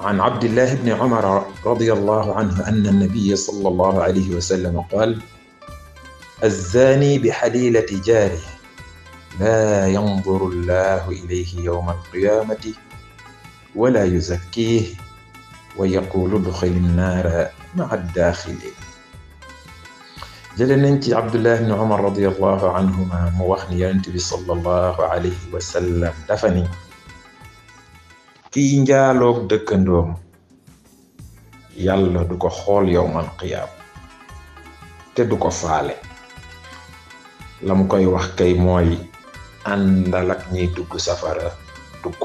عن عبد الله بن عمر رضي الله عنه أن النبي صلى الله عليه وسلم قال الزاني بحليلة جاره لا ينظر الله إليه يوم القيامة ولا يزكيه ويقول ادخل النار مع الداخلين jële nañ ci Abdullah ibn Umar radiyallahu anhuma mu wax ni yonent bi sallallahu alayhi wa sallam dafa ni ki njaaloog dëkkandoom yàlla du ko xool yowmal xiyaam te du ko faale la koy wax kay mooy àndal ak ñiy dugg safara dugg